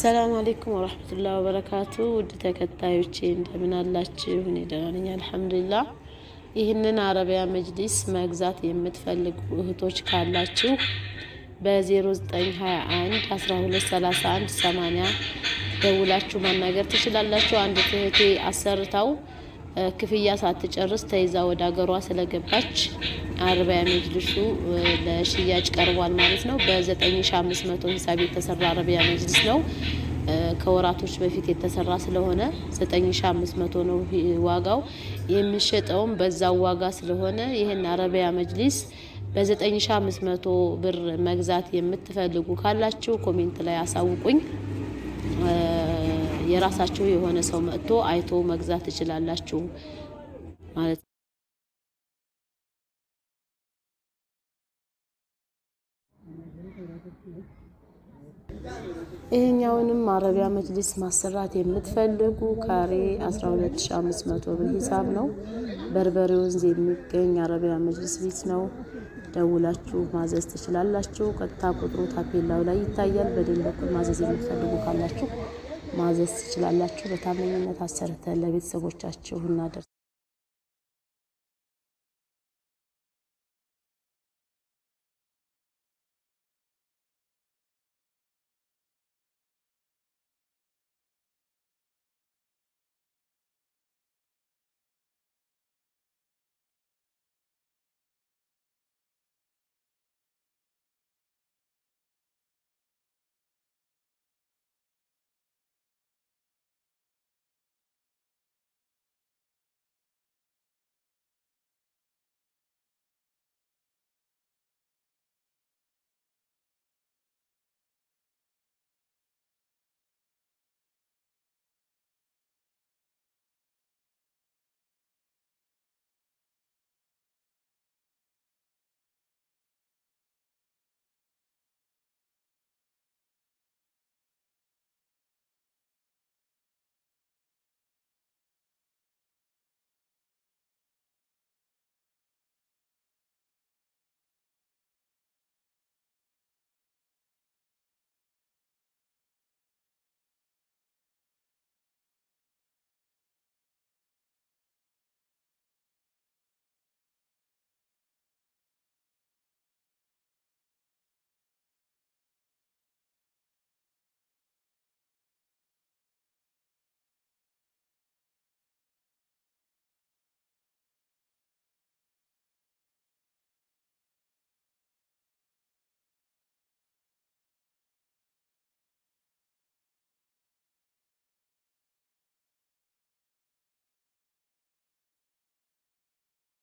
ሰላም አሌይኩም ወረህመቱላህ ወበረካቱ ውድ ተከታዮቼ እንደምን አላችሁ? እኔ ደህና ነኝ አልሐምዱሊላህ። ይህንን አረቢያ መጅሊስ መግዛት የምትፈልጉ እህቶች ካላችሁ በ0921 1231 80 ደውላችሁ ማናገር ትችላላችሁ። አንድ እህቴ አሰርተው። ክፍያ ሳትጨርስ ተይዛ ወደ ሀገሯ ስለገባች አርቢያ መጅልሱ ለሽያጭ ቀርቧል ማለት ነው። በ9500 ሂሳብ የተሰራ አረቢያ መጅልስ ነው። ከወራቶች በፊት የተሰራ ስለሆነ 9500 ነው ዋጋው። የሚሸጠውም በዛው ዋጋ ስለሆነ ይህን አረቢያ መጅሊስ በ9500 ብር መግዛት የምትፈልጉ ካላችሁ ኮሜንት ላይ አሳውቁኝ። የራሳችሁ የሆነ ሰው መጥቶ አይቶ መግዛት ትችላላችሁ ማለት ነው። ይህኛውንም አረቢያ መጅሊስ ማሰራት የምትፈልጉ ካሬ 12500 ብር ሂሳብ ነው። በርበሬ ወንዝ የሚገኝ አረቢያ መጅሊስ ቤት ነው። ደውላችሁ ማዘዝ ትችላላችሁ። ቀጥታ ቁጥሩ ታፔላው ላይ ይታያል። በደን በኩል ማዘዝ የምትፈልጉ ካላችሁ ማዘዝ ትችላላችሁ። በታማኝነት አሰርተን ለቤተሰቦቻችሁ እናደርስ